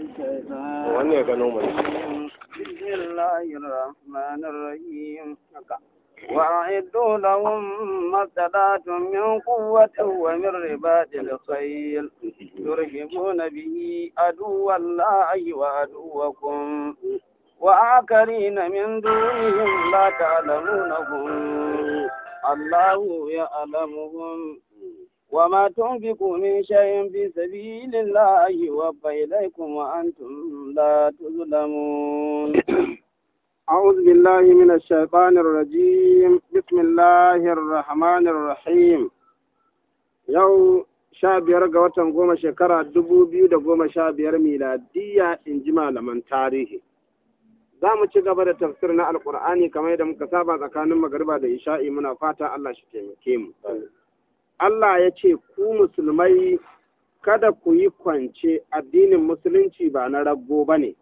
wannan ya gano mai bismillahir rahmanir rahim وأعدوا لهم ما استطعتم من قوة ومن رباط الخيل ترهبون به عدو الله وعدوكم وآخرين من دونهم لا تعلمونهم الله يعلمهم وما تنفقوا من شيء في سبيل الله يوفى إليكم وأنتم لا تظلمون أعوذ بالله من الشيطان الرجيم بسم الله الرحمن الرحيم يو sha biyar ga watan goma shekara dubu biyu da goma sha biyar miladiya in ji malaman tarihi za mu ci gaba da tafsir na alkur'ani kamar yadda muka saba tsakanin magariba da isha'i muna fata allah shi taimake mu Allah ya ce ku musulmai kada ku yi kwance addinin musulunci ba na rago ba ne.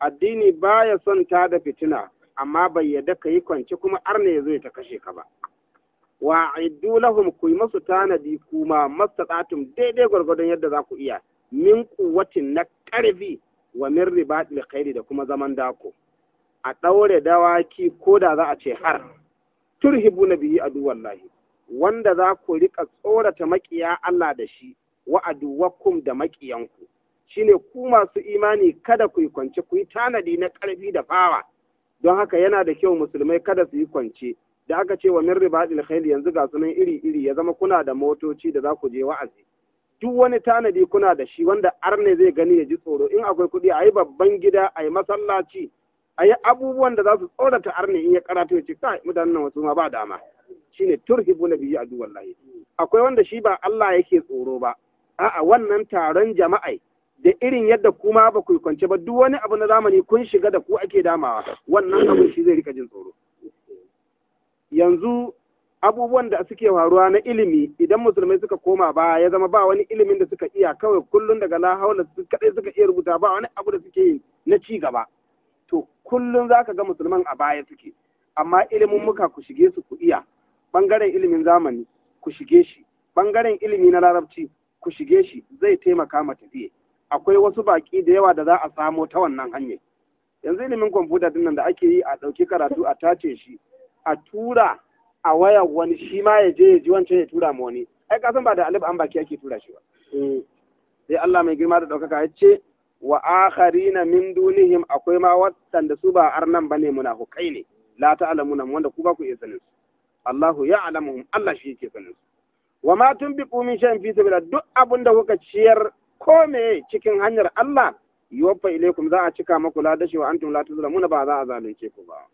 Addini ba ya son ta da fitina, amma bai yadda ka yi kwance kuma arne ya zo ta kashe ka ba. Wa aidu lahum ku yi masu tanadi kuma masu tsatum daidai gwargwadon yadda za ku iya min kuwatin na ƙarfi wa min ribatil khairi da kuma zaman dako. A ɗaure dawaki ko da za a ce har turhibu na biyu biyi wallahi. wanda za ku rika tsorata makiya Allah da shi wa'aduwakum da makiyanku, shine ku masu imani kada ku yi kwance ku yi tanadi na ƙarfi da fawa don haka yana da kyau musulmai kada su yi kwance da aka ce wa min ribadil khayl yanzu ga sunan iri iri ya zama kuna da motoci da za ku je wa'azi duk wani tanadi kuna da shi wanda arne zai gani ya ji tsoro in akwai kuɗi a yi babban gida a yi masallaci a yi abubuwan da za su tsorata arne in ya karatu ya ce kai mutanen wasu ma ba dama shine a duwan layi. akwai wanda shi ba Allah yake tsoro ba a'a wannan taron jama'a da irin yadda kuma ba ku kwance ba duk wani abu na zamani kun shiga da ku ake damawa wannan abu shi zai rika jin tsoro yanzu abubuwan da suke faruwa na ilimi idan musulmai suka koma ba ya zama ba wani ilimin da suka iya kawai kullum daga la haula su kadai suka iya rubuta ba wani abu da suke yi na ci gaba to kullum zaka ga musulman a baya suke amma ilimin muka ku shige su ku iya bangaren ilimin zamani ku shige shi bangaren ilimi na larabci ku shige shi zai taimaka ma tafiye akwai wasu baki da yawa da za a samo ta wannan hanyar yanzu ilimin kwamfuta din da ake yi a ɗauki karatu a tace shi a tura a wayar wani shi ma ya je ya ji wancan ya tura ma wani ai ka san ba da alif an baki ake tura shi ba sai Allah mai girma da ɗaukaka ya ce wa akharina min dunihim akwai ma waɗanda su ba arnan bane munafukai ne la ta'lamuna wanda ku ba ku iya sanin su Allahu ya alamuhum Allah shi yake sanin wa ma tunfiqu shan shay'in fi sabilillah duk abin da kuka ciyar ko me cikin hanyar Allah yuwaffa ilaikum za a cika maku ladashi wa antum la tuzlamuna ba za a zalunce ku ba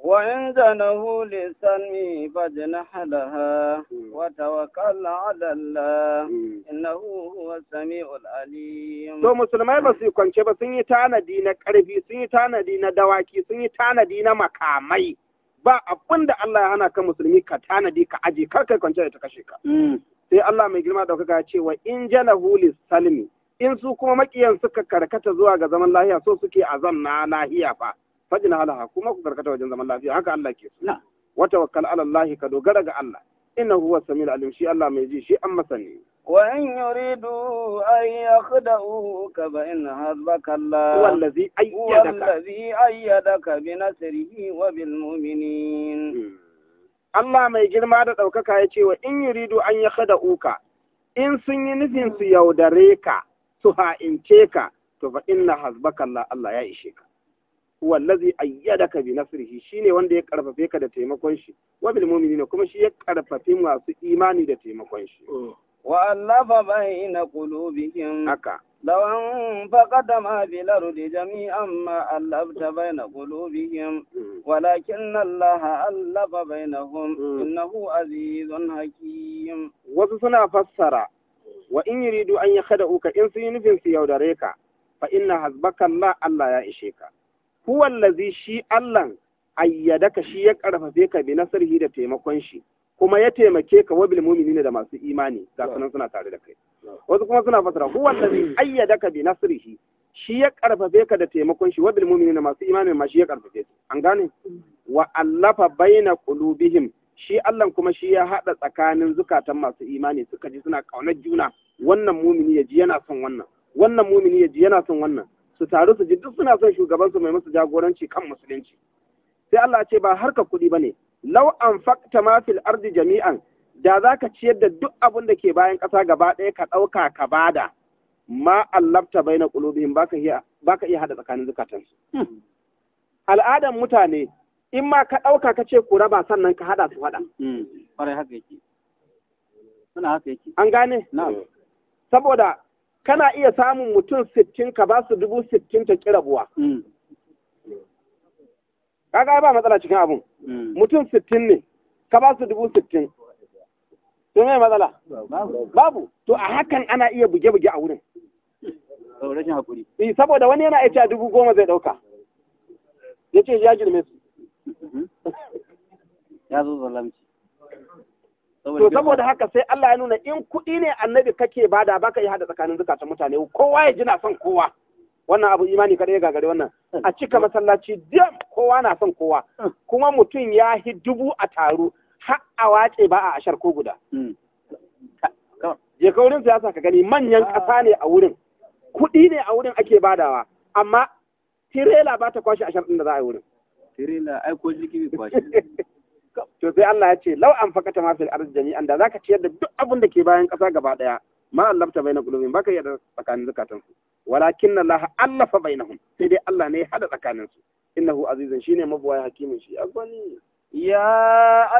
وإن جنه للسلم فاجنح لها وتوكل على الله إنه هو السميع العليم to musulmai ba yi kwance ba sun yi tanadi na ƙarfi sun yi tanadi na dawaki sun yi tanadi na makamai ba abin da Allah ya hana ka musulmi ka tanadi ka aje kar kai kwance da ta kashe ka hmm. sai Allah mai girma da ya ce wa in huli Salimi, in su kuma makiyan suka karkata zuwa ga zaman lahiya, so suke azam na lahiya fa fajina halaha kuma ku karkata wajen zaman lafiya haka Allah ke suna. Wata tawakkal ala Allah ka dogara ga Allah Inna huwa samiul alim shi Allah mai ji shi an masani وإن يريدوا أن يخدعوك فإن حسبك الله هو الذي أيدك هو الذي أيدك بنصره وبالمؤمنين Allah mai girma da ɗaukaka ya ce wa in yuridu an ya kada uka, in sun yi nufin su yaudare ka, su ha'ince ka, to fa inna hasbaka Allah Allah ya ishe ka. Wallazi ayyadaka bi nasrihi shine wanda ya karfafe ka da taimakon shi, wa bil mu'minina kuma shi ya karfafe masu imani da taimakon shi. وألف بين قلوبهم أكا لو أنفقت ما في الأرض جميعا ما ألفت بين قلوبهم ولكن الله ألف بينهم إنه عزيز حكيم وسنا فسر وإن يريد أن يخدعوك إن سينفن سيودريك فإن حزبك الله الله يا هو الذي شيء الله أيدك شيء أرففيك بنصره da taimakon kuma ya taimake ka wabil mu'minina da masu imani ga sunan suna tare da kai wasu kuma suna fasara huwa allazi ayyadaka bi nasrihi shi ya karfafe ka da taimakon shi wabil da masu imani ma shi ya karfafe su an gane wa allafa baina qulubihim shi Allah kuma shi ya hada tsakanin zukatan masu imani suka ji suna kaunar juna wannan mumini ya ji yana son wannan wannan mumini ya ji yana son wannan su taru su ji duk suna son shugabansu mai musu jagoranci kan musulunci sai Allah ce ba harka kuɗi ba ne. law fakta ma fil ardi jami'an da za ka ciyar da duk abin da ke bayan ƙasa gaba ɗaya ka ɗauka ka bada ma allabta bai na ƙulubihin iya ka iya hada tsakanin zukatansu hmm. al'adan mutane in ma ka ɗauka ka ce ku raba sannan ka hada su hada hmm. haka yake suna haka yake an gane na'am saboda kana iya samun mutum sittin ka ba su dubu sittin ta kirabuwa kaga ba matsala cikin abun hmm. mutum sittin ne ka ba su dubu sittin to me matsala babu to a hakan ana iya buge-buge a wurin saboda eh, wani yana a dubu goma zai dauka ya ce ya girme su mm-hmm. ya zo zalamci to saboda haka sai Allah ya nuna in kuɗi ne annabi kake bada baka yi hada tsakanin zukatan mutane kowa ya jina son kowa wannan abu imani kada ya gagare wannan a cika masallaci dam kowa na son kowa kuma mutum ya hi dubu a taro har a wace ba a ashar ko guda je ka wurin siyasa ka gani manyan ƙasa ne a wurin kuɗi ne a wurin ake badawa amma tirela ba ta kwashe ashar ɗin da za a yi wurin tirela ai ko jiki bai kwashe to sai Allah ya ce lau an fakata ma fil ardi jami'an da zaka ciyar da duk abin da ke bayan ƙasa gaba daya ma ta bayyana qulubin baka yadda tsakanin zakatan su walakin Allah allafa bainahum sai dai Allah ne ya hada tsakanin su innahu azizun shine mabuwaya hakimin shi azbani ya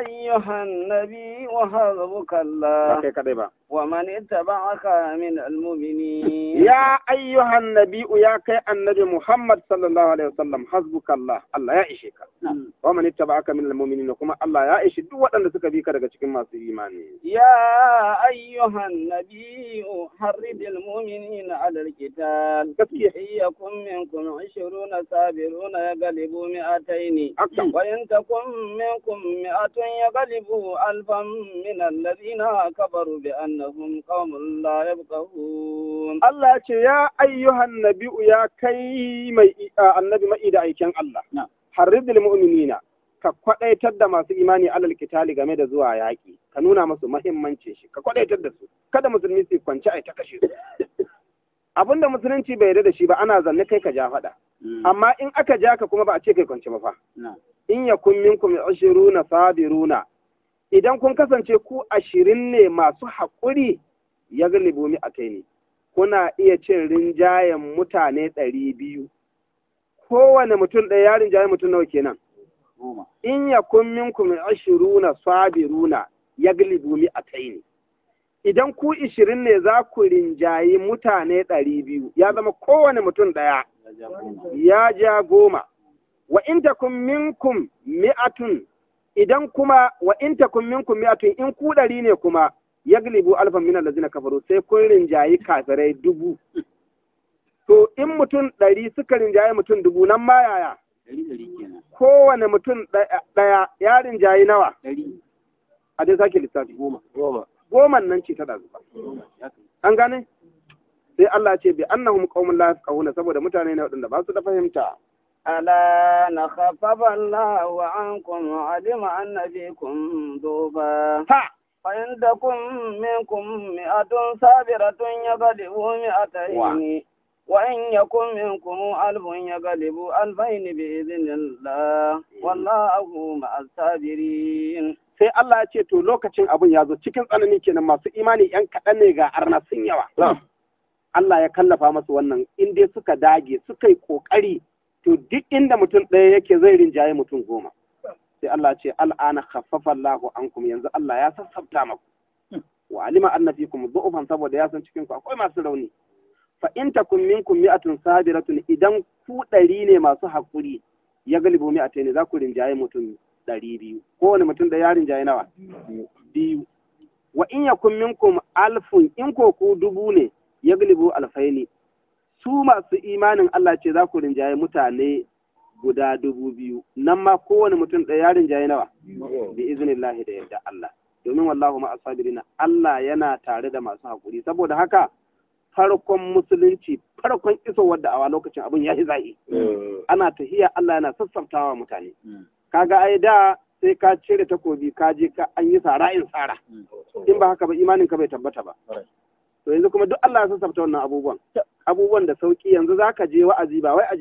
ayyuhan nabi wa hadhuka Allah ba kai ba ومن اتبعك من المؤمنين يا أيها النبي يا كي النبي محمد صلى الله عليه وسلم حسبك الله الله يا إشيك ومن اتبعك من المؤمنين وكما الله يا إشي دو وأن سكبيك لك ما إيماني يا أيها النبي حرد المؤمنين على القتال يكن منكم عشرون سابرون يغلبوا مئتين وإن تكن منكم مئة يغلبوا ألفا من الذين كفروا بأن innahum qaumun la yafqahun Allah ce ya ayyuhan nabi'u ya kai mai annabi mai da aikin Allah harridil mu'minina ka kwadaitar da masu imani alal kitali game da zuwa yaki. ka nuna musu mahimmancin shi ka kwadaitar da su kada musulmi su kwanci ai ta kashe su abinda musulunci bai yarda da shi ba ana zanne kai ka ja faɗa amma in aka ja ka kuma ba a ce kai kwance ba fa in yakun minkum 20 sabiruna idan kun kasance ku ashirin ne masu haƙuri ya galibu a kai ne kuna iya cin rinjayen mutane ɗari biyu kowane mutum ɗaya ya rinjaye mutum nawa kenan in ya kun minkum ashiruna sabiruna ya galibu a kai ne idan ku ishirin ne za ku rinjayi mutane ɗari biyu ya zama kowane mutum ɗaya ya ja goma wa in kun minkum mi'atun idan kuma wa in takum minkum mi'atun in ku dari ne kuma yaglibu alfan min allazina kafaru sai kun rinjayi kafirai dubu to in mutum ɗari suka rinjayi mutum dubu nan ma yaya kowane mutum ɗaya ya rinjayi nawa a dai sake lissafi goma goman nan ce ta ɗazuba an gane sai Allah ce bi annahum qaumun la yafqahuna saboda mutane ne waɗanda ba su da fahimta ألا نخفف الله عنكم وعلم أن فيكم ضوبا فعندكم منكم مئة صابرة يغلب مئتين وإن يكن منكم ألف يغلب ألفين بإذن الله والله مع الصابرين sai Allah ya ce to lokacin abun ya zo cikin tsanani kenan masu imani yan kaɗan ne ga arna sun yawa Allah ya kallafa masu wannan in dai suka dage suka yi ƙoƙari to duk inda mutum ɗaya yake zai rinjaye mutum goma sai Allah ce al'ana khaffafa Allahu ankum yanzu Allah ya sassabta maku hmm. wa alima anna fikum saboda ya san cikin ku akwai masu rauni fa in takum minkum mi'atun sabiratun idan ku ɗari ne masu hakuri ya galibu mi'atai ne za ku rinjaye mutum ɗari biyu kowane mutum da ya rinjaye nawa biyu wa in yakum minkum alfun in ko ku dubu ne ya galibu alfaini su masu imanin Allah ce za ku rinjaye mutane guda dubu biyu nan ma kowane mutum ɗaya ya rinjaye nawa bi lahi da yadda Allah domin wallahu ma asabirina Allah yana tare da masu haƙuri. saboda haka farkon musulunci farkon wadda awa lokacin abun ya yi za'i ana tahiya Allah yana sassamtawa mutane kaga ai da sai ka cire takobi ka je ka an yi sara in sara mm. in ba haka ba imanin ka bai tabbata ba to yanzu kuma duk Allah ya sassafta wannan abubuwan abubuwan da sauki yanzu zaka je wa'azi ba wai